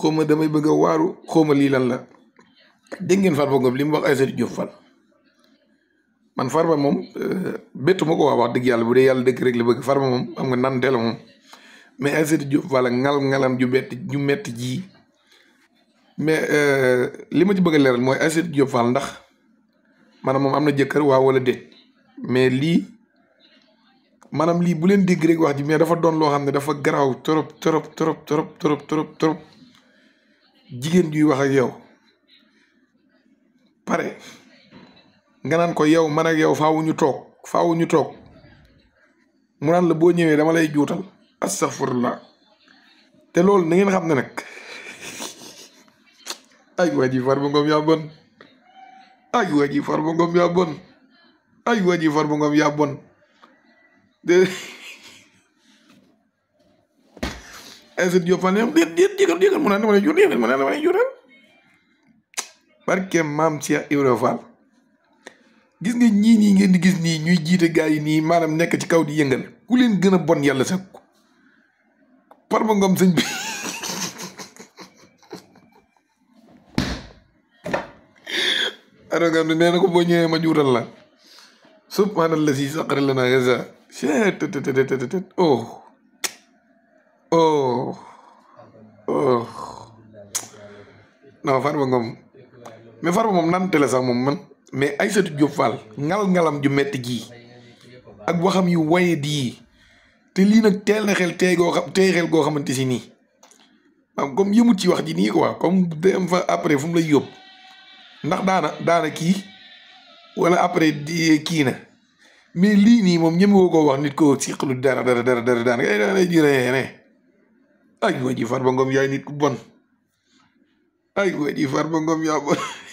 xaw damay bëgg waru waaru li lan la dégg ngeen Farba Ngom li mu wax Aïssatou fal man Farba mom euh, béttu mako wa waa wax dëgg yalla bu dee yalla dëgg rek la bëgg Farba mom am nga nan la mom mais Aïssatou Diop Fall ngal ngalam ju ju metti ji mais euh ma ci bëgg leral moy ay Aïssatou Diop fal ndax maanaam mom amna jëkkeur wa li wala déet mais li manam li bu len deg rek wax di mais dafa don lo xamne dafa graw torop torop torop torop torop torop Jigen juy wax ak yow pare nga nan ko yow man ak yow faawu ñu tok faawu ñu tok mu nan la bo ñewé dama lay jootal astaghfirullah té lool na ngeen xam ne ay waji ji Ngom ya bon ay waji ji Ngom ya bon ay waji ji Ngom ya bon de as a Giovanni, dia dia dia kan dia kan mana mana jurnal, dia kan mana mana jurnal. Kan? Parce que mam tia Eurofal. Gis nga ñi ni ngeen di gis ni ñuy jité gaay ni manam nek ci kaw di yëngal. Ku leen Par ma ngom señ bi. Ara nga ne na ko bo ñëwé ma jural la. Subhanallah gaza. Shat tat Oh. oh oh non Farba Ngom mais Farba moom naan télé sax moom man mais Aïssatou Diop Fall ngal-ngalam ju metti gii ak waxam yu waye di te lii nag teel na xel tey goo xel goo xamante si nii maanaam comme yëmut ci wax ji nii quoi comme day am fa après fu mu lay yóbbu ndax daana kii wala après kii na mais lii nii moom ñëmewoo koo wax nit ko siqalu dara dara dara dara daanaka ay daanay juree ne ay waay ji Farba Ngom yaay nit ku bon ay waay ji Farba yaa bon